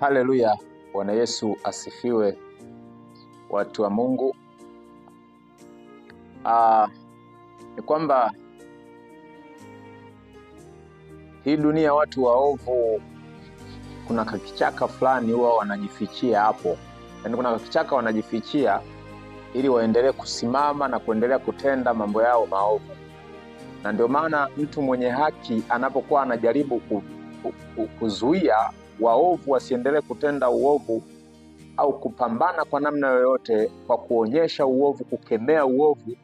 Haleluya! Bwana Yesu asifiwe, watu wa Mungu. Aa, ah, ni kwamba hii dunia watu waovu, kuna kakichaka fulani huwa wanajifichia hapo, yaani kuna kakichaka wanajifichia ili waendelee kusimama na kuendelea kutenda mambo yao maovu, na ndio maana mtu mwenye haki anapokuwa anajaribu kuzuia waovu wasiendelee kutenda uovu au kupambana kwa namna yoyote kwa kuonyesha uovu, kukemea uovu,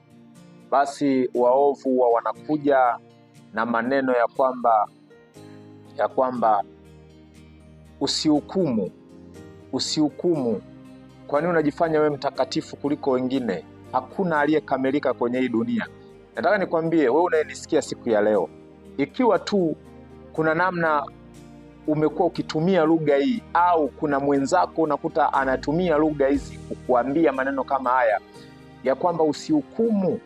basi waovu wa wanakuja na maneno ya kwamba ya kwamba usihukumu, usihukumu. Kwa nini unajifanya wewe mtakatifu kuliko wengine? Hakuna aliyekamilika kwenye hii dunia. Nataka nikwambie wewe unayenisikia siku ya leo, ikiwa tu kuna namna umekuwa ukitumia lugha hii au kuna mwenzako unakuta anatumia lugha hizi kukuambia maneno kama haya ya kwamba usihukumu,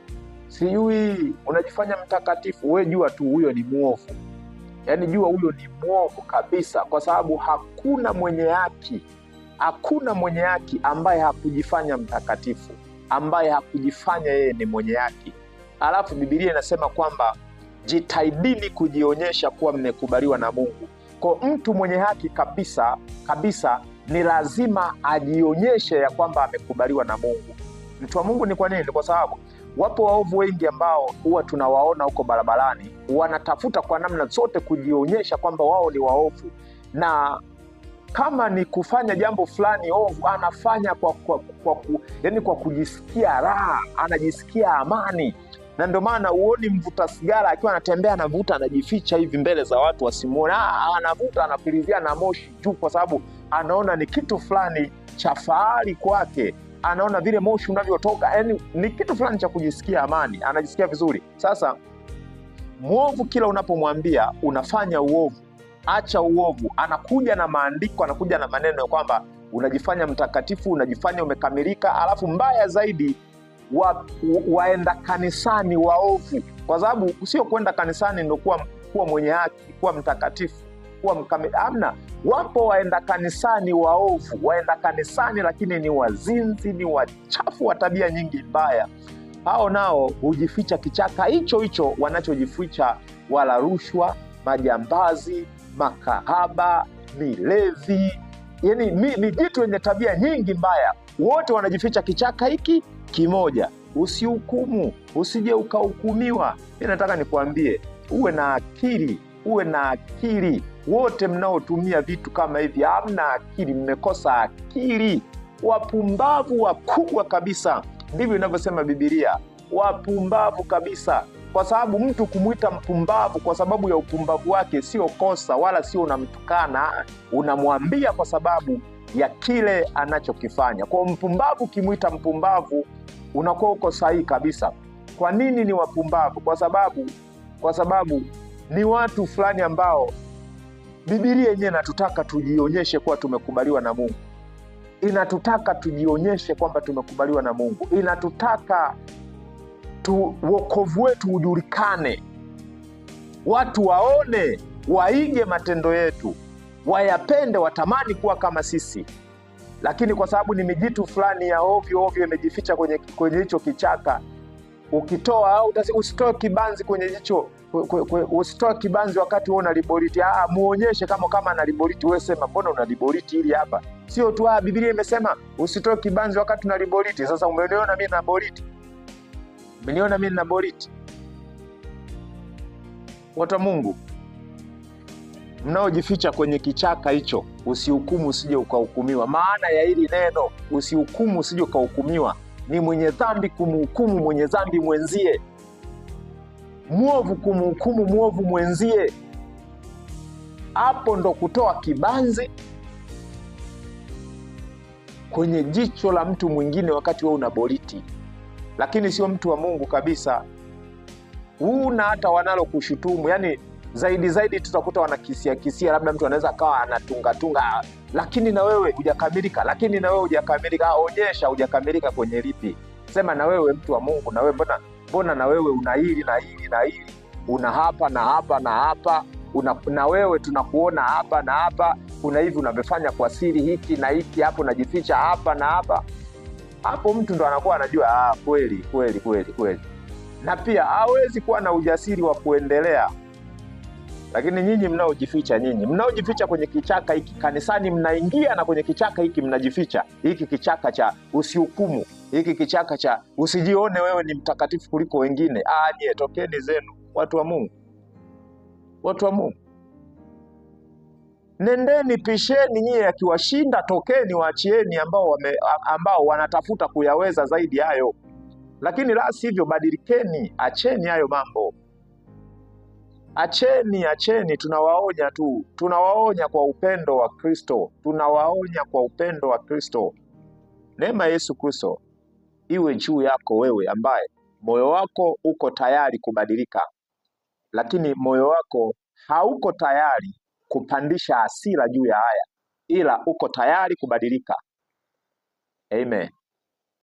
sijui unajifanya mtakatifu, we jua tu huyo ni mwovu. Yaani jua huyo ni mwovu kabisa, kwa sababu hakuna mwenye haki, hakuna mwenye haki ambaye hakujifanya mtakatifu, ambaye hakujifanya yeye ni mwenye haki. Alafu Bibilia inasema kwamba jitaidini kujionyesha kuwa mmekubaliwa na Mungu kwa mtu mwenye haki kabisa kabisa ni lazima ajionyeshe ya kwamba amekubaliwa na Mungu. Mtu wa Mungu ni kwa nini? Kwa sababu wapo waovu wengi ambao huwa tunawaona huko barabarani, wanatafuta kwa namna zote kujionyesha kwamba wao ni waovu, na kama ni kufanya jambo fulani ovu, anafanya kwa, kwa, kwa, kwa, yani kwa kujisikia raha, anajisikia amani na ndio maana uoni mvuta sigara akiwa anatembea anavuta, anajificha hivi mbele za watu wasimuone ah, ah, anavuta anapilizia na moshi juu, kwa sababu anaona ni kitu fulani cha fahari kwake, anaona vile moshi unavyotoka, yani ni kitu fulani cha kujisikia amani, anajisikia vizuri. Sasa mwovu, kila unapomwambia unafanya uovu, acha uovu, anakuja na maandiko, anakuja na maneno ya kwamba unajifanya mtakatifu, unajifanya umekamilika, alafu mbaya zaidi wa, waenda kanisani waovu, kwa sababu sio kwenda kanisani ndo kuwa, kuwa mwenye haki, kuwa mtakatifu, kuwa mkami Amna, wapo waenda kanisani waovu, waenda kanisani lakini ni wazinzi, ni wachafu wa tabia nyingi mbaya. Hao nao hujificha kichaka hicho hicho wanachojificha wala rushwa, majambazi, makahaba, milevi, yani mijitu yenye tabia nyingi mbaya, wote wanajificha kichaka hiki Kimoja, usihukumu, usije ukahukumiwa. Mi nataka nikuambie, uwe na akili, uwe na akili. Wote mnaotumia vitu kama hivi hamna akili, mmekosa akili, wapumbavu wakubwa kabisa. Ndivyo inavyosema Bibilia, wapumbavu kabisa kwa sababu mtu kumwita mpumbavu kwa sababu ya upumbavu wake sio kosa, wala sio unamtukana, unamwambia kwa sababu ya kile anachokifanya. Kwa mpumbavu, ukimwita mpumbavu unakuwa uko sahihi kabisa. Kwa nini ni wapumbavu? Kwa sababu kwa sababu ni watu fulani ambao Bibilia yenyewe inatutaka tujionyeshe kuwa tumekubaliwa na Mungu, inatutaka tujionyeshe kwamba tumekubaliwa na Mungu, inatutaka tu wokovu wetu ujulikane, watu waone, waige matendo yetu wayapende, watamani kuwa kama sisi, lakini kwa sababu ni mijitu fulani ya ovyo ovyo imejificha kwenye kwenye hicho kichaka, ukitoa au usitoe kibanzi kwenye hicho usitoe kibanzi wakati wewe unaliboriti. Ah, muonyeshe kama kama analiboriti, wewe sema mbona unaliboriti hili hapa? Sio tu ah, Biblia imesema usitoe kibanzi wakati unaliboriti. Sasa umeniona mimi boriti, umeniona mimi boriti, Watu wa Mungu, mnaojificha kwenye kichaka hicho, usihukumu usije ukahukumiwa. Maana ya hili neno usihukumu usije ukahukumiwa ni mwenye dhambi kumhukumu mwenye dhambi mwenzie, mwovu kumhukumu mwovu mwenzie. Hapo ndo kutoa kibanzi kwenye jicho la mtu mwingine wakati wewe una boriti, lakini sio mtu wa Mungu kabisa, huna hata wanalo kushutumu, yani zaidi zaidi tutakuta wanakisia kisia, labda mtu anaweza akawa anatungatunga, lakini na wewe hujakamilika, lakini na wewe hujakamilika. Onyesha hujakamilika kwenye lipi, sema na wewe mtu wa Mungu, na wewe mbona mbona na wewe una hili na hili na hili, una hapa na hapa na hapa una, na wewe tunakuona hapa na hapa, kuna hivi unavyofanya kwa siri hiki na hiki, hapo unajificha hapa na hapa. Hapo mtu ndo anakuwa anajua ah, kweli kweli kweli kweli. Na pia hawezi kuwa na ujasiri wa kuendelea lakini nyinyi mnaojificha, nyinyi mnaojificha kwenye kichaka hiki, kanisani mnaingia na kwenye kichaka hiki mnajificha, hiki kichaka cha usihukumu, hiki kichaka cha usijione wewe ni mtakatifu kuliko wengine. Ah, tokeni zenu, watu wa Mungu, watu wa Mungu, nendeni pisheni. Nyie akiwashinda tokeni, waachieni ambao wame, ambao wanatafuta kuyaweza zaidi hayo, lakini la sivyo badilikeni, acheni hayo mambo. Acheni, acheni, tunawaonya tu, tunawaonya kwa upendo wa Kristo, tunawaonya kwa upendo wa Kristo. Neema Yesu Kristo iwe juu yako wewe, ambaye moyo wako uko tayari kubadilika, lakini moyo wako hauko tayari kupandisha hasira juu ya haya, ila uko tayari kubadilika. Amen.